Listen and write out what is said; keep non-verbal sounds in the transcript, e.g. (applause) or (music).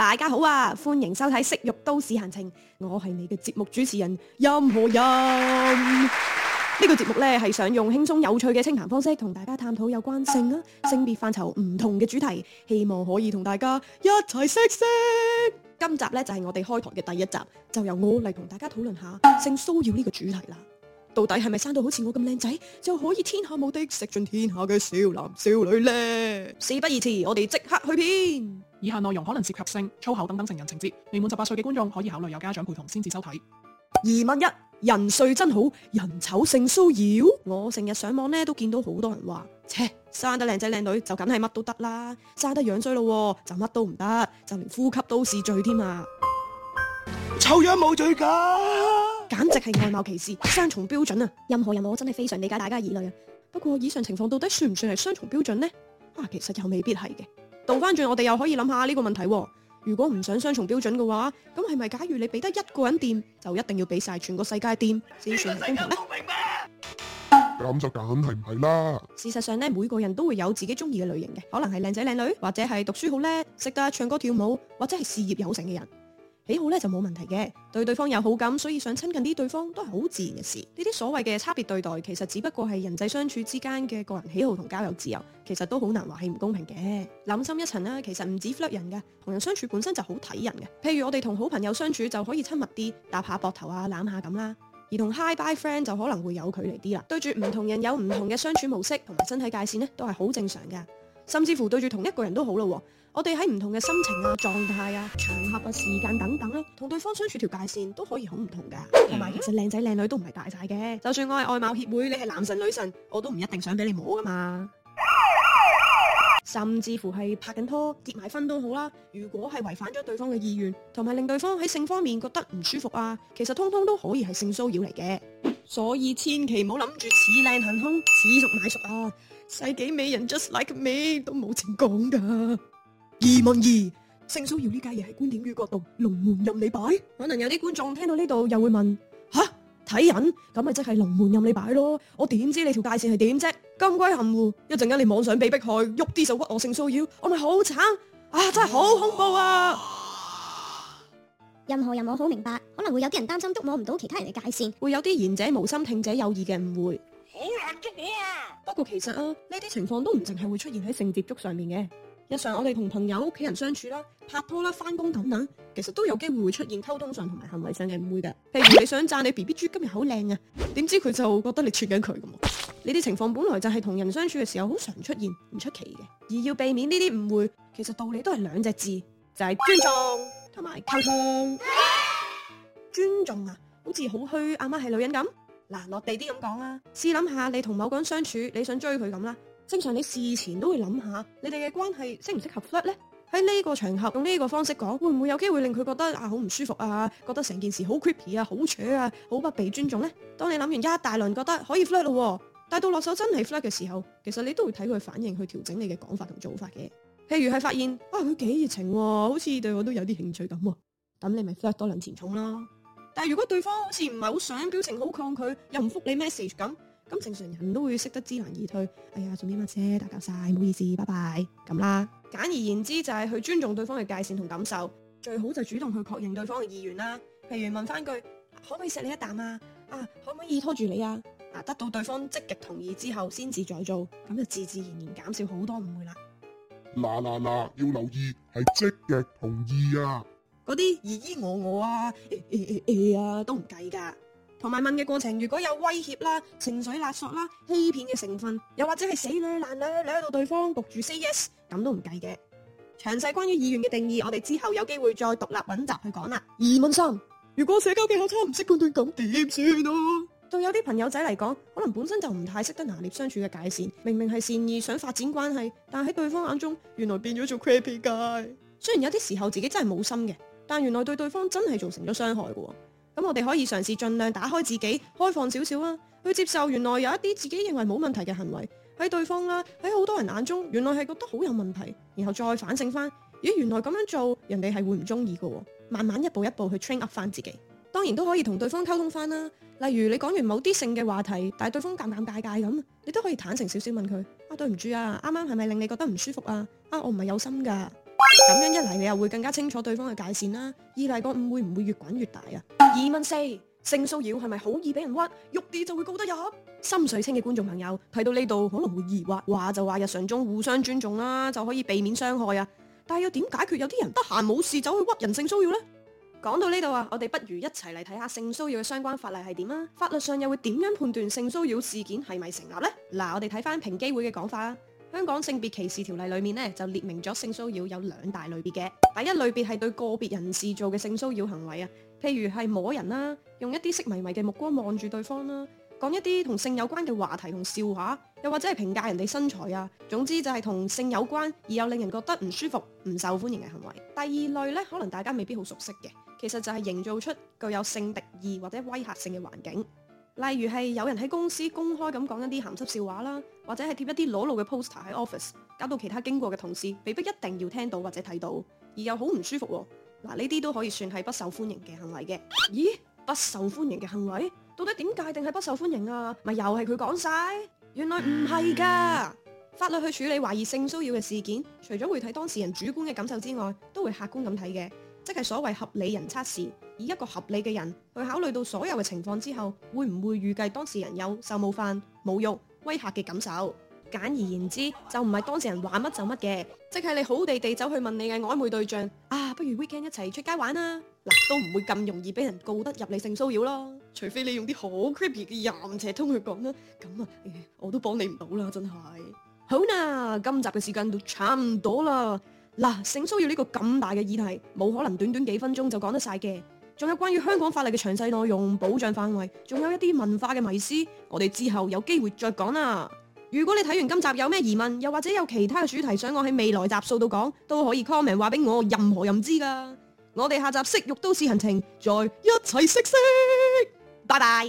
大家好啊，歡迎收睇《色慾都市閒情》，我係你嘅節目主持人任何淫。呢個節目呢，係想用輕鬆有趣嘅清談方式，同大家探討有關性啊、性別範疇唔同嘅主題，希望可以同大家一齊識識。今集呢，就係、是、我哋開台嘅第一集，就由我嚟同大家討論一下性騷擾呢、這個主題啦。到底係咪生到好似我咁靚仔就可以天下無敵，食盡天下嘅少男少女呢？事不宜遲，我哋即刻去片。以下內容可能涉及性、粗口等等成人情節，未滿十八歲嘅觀眾可以考慮有家長陪同先至收睇。疑問一：人帥真好，人醜性騷擾？我成日上網呢都見到好多人話，切生得靚仔靚女就梗係乜都得啦，生得樣衰咯就乜都唔得，就連呼吸都是罪添啊！醜樣冇罪噶，簡直係外貌歧視、雙重標準啊！任何淫我真係非常理解大家嘅疑慮啊，不過以上情況到底算唔算係雙重標準呢？啊，其實又未必係嘅。倒翻轉，我哋又可以諗下呢個問題。如果唔想雙重標準嘅話，咁係咪假如你俾得一個人掂，就一定要俾晒全個世界掂先算公平咧？咁就梗係唔係啦。事實上咧，每個人都會有自己中意嘅類型嘅，可能係靚仔靚女，或者係讀書好叻、識得唱歌跳舞，或者係事業有成嘅人。喜好呢就冇問題嘅，對對方有好感，所以想親近啲對方都係好自然嘅事。呢啲所謂嘅差別對待，其實只不過係人際相處之間嘅個人喜好同交友自由，其實都好難話係唔公平嘅。諗深一層，其實唔止 flirt 人噶，同人相處本身就好睇人嘅。譬如我哋同好朋友相處就可以親密啲，搭下膊頭啊，攬下噉啦，而同 Hi Bye Friend 就可能會有距離啲啦。對住唔同人有唔同嘅相處模式同埋身體界線，都係好正常㗎甚至乎對住同一個人都好咯，我哋喺唔同嘅心情啊、狀態啊、場合啊、時間等等，同對方相處條界線都可以好唔同噶。同埋，其實靚仔靚女都唔係大晒嘅，就算我係外貌協會，你係男神女神，我都唔一定想俾你摸噶嘛。甚至乎係拍緊拖、結埋婚都好啦。如果係違反咗對方嘅意願，同埋令對方喺性方面覺得唔舒服啊，其實通通都可以係性騷擾嚟嘅。所以千祈唔好諗住恃靚行凶、恃熟買熟啊！世紀美人 just like me 都冇情講㗎疑問二性騷擾呢家嘢係觀點與角度龍門任你擺可能有啲觀眾聽到呢度又會問吓睇人咁咪即係龍門任你擺咯我點知你條界線係點啫咁鬼含糊一陣間你妄想被逼害喐啲就屈我性騷擾我咪好慘啊真係好恐怖啊任何淫我好明白可能會有啲人擔心捉摸唔到其他人嘅界線會有啲言者無心聽者有意嘅誤會好難捉我啊！其實啊，呢啲情況都唔淨係會出現喺性接觸上面嘅。日常我哋同朋友、屋企人相處啦、啊、拍拖啦、啊、翻工等等、啊，其實都有機會會出現溝通上同埋行為上嘅誤會嘅。譬如你想讚你 BB 豬今日好靚啊，點知佢就覺得你串緊佢咁。呢啲情況本來就係同人相處嘅時候好常出現，唔出奇嘅。而要避免呢啲誤會，其實道理都係兩隻字，就係、是、尊重同埋溝通。 (laughs) 尊重啊，好似好虛，阿媽係女人咁。嗱，落地啲咁講啊，試諗下你同某個人相處，你想追佢咁啦，正常你事前都會諗下，你哋嘅關係適唔適合 flirt 咧？喺呢個場合用呢個方式講，會唔會有機會令佢覺得啊好唔舒服啊，覺得成件事好 creepy 啊，好扯啊，好不被尊重咧？當你諗完一大輪覺得可以 flirt 咯、啊，但到落手真係 flirt 嘅時候，其實你都會睇佢反應去調整你嘅講法同做法嘅。譬如係發現啊，佢幾熱情喎、啊，好似對我都有啲興趣咁、啊、喎，咁你咪 flirt 多兩錢重咯。但如果對方好似唔係好想，表情好抗拒，又唔複你 message 咁，咁正常人都會識得知難而退。哎呀，做咩乜啫，打攪晒，唔好意思，拜拜咁啦。簡而言之就係去尊重對方嘅界線同感受，最好就主動去確認對方嘅意願啦。譬如問翻句，啊，可唔可以錫你一啖啊？啊，可唔可以拖住你啊？啊，得到對方積極同意之後，先至再做，咁就自自然然減少好多誤會啦。嗱嗱嗱，要留意係積極同意啊！嗰啲疑依我我啊，誒誒誒啊，都唔計㗎。同埋問嘅過程如果有威脅啦、情緒勒索啦、欺騙嘅成分，又或者係死女爛女，撩到對方焗住 say yes，咁都唔計嘅。詳細關於意願嘅定義，我哋之後有機會再獨立一集去講啦。疑問三：如果社交技巧差唔識判斷，咁點算啊？對有啲朋友仔嚟講，可能本身就唔太識得拿捏相處嘅界線，明明係善意想發展關係，但喺對方眼中，原來變咗做 crappy guy。u 雖然有啲時候自己真係冇心嘅。但原來對對方真係造成咗傷害嘅喎，咁我哋可以嘗試盡量打開自己，開放少少啦，去接受原來有一啲自己認為冇問題嘅行為喺對方啦，喺好多人眼中原來係覺得好有問題，然後再反省翻，咦原來咁樣做人哋係會唔中意嘅喎，慢慢一步一步去 train up 翻自己，當然都可以同對方溝通翻啦，例如你講完某啲性嘅話題，但係對方尷尷尬尬咁，你都可以坦誠少少問佢啊，對唔住啊，啱啱係咪令你覺得唔舒服啊？啊我唔係有心㗎。咁樣一嚟，你又會更加清楚對方嘅界線啦。二嚟個誤會唔會越滾越大啊？疑問四：性騷擾係咪好易俾人屈？郁啲就會告得入？心水清嘅觀眾朋友睇到呢度可能會疑惑，話就話日常中互相尊重啦，就可以避免傷害啊。但又要點解決有啲人得閒冇事走去屈人性騷擾呢？講到呢度啊，我哋不如一齊嚟睇下性騷擾嘅相關法例係點啊？法律上又會點樣判斷性騷擾事件係咪成立呢？嗱，我哋睇翻平機會嘅講法香港性別歧視條例裏面呢，就列明咗性騷擾有兩大類別嘅，第一類別係對個別人士做嘅性騷擾行為啊，譬如係摸人啦，用一啲色迷迷嘅目光望住對方啦，講一啲同性有關嘅話題同笑話，又或者係評價人哋身材啊，總之就係同性有關而又令人覺得唔舒服、唔受歡迎嘅行為。第二類呢，可能大家未必好熟悉嘅，其實就係營造出具有性敵意或者威嚇性嘅環境。例如係有人喺公司公開咁講一啲鹹濕笑話啦，或者係貼一啲裸露嘅 poster 喺 office，搞到其他經過嘅同事被迫一定要聽到或者睇到，而又好唔舒服喎。嗱，呢啲都可以算係不受歡迎嘅行為嘅。咦？不受歡迎嘅行為到底點界定係不受歡迎啊？咪又係佢講晒？原來唔係㗎。法律去處理懷疑性騷擾嘅事件，除咗會睇當事人主觀嘅感受之外，都會客觀咁睇嘅。即係所謂合理人測試，以一個合理嘅人去考慮到所有嘅情況之後，會唔會預計當事人有受冒犯、侮辱、威嚇嘅感受？簡而言之，就唔係當事人話乜就乜嘅。即係你好地地走去問你嘅曖昧對象啊，不如 weekend 一齊出街玩啊？嗱，都唔會咁容易俾人告得入嚟性騷擾囉，除非你用啲好 creepy 嘅淫邪通去講啦，咁啊，我都幫你唔到啦，真係。好啦，今集嘅時間都差唔多啦。嗱，性騷擾呢個咁大嘅議題，冇可能短短幾分鐘就講得晒嘅。仲有關於香港法例嘅詳細內容、保障範圍，仲有一啲文化嘅迷思，我哋之後有機會再講啦。如果你睇完今集有咩疑問，又或者有其他嘅主題想我喺未來集數度講，都可以 comment 話俾我，我，任何淫知㗎。我哋下集色慾都市閒情再一齊色色，拜拜。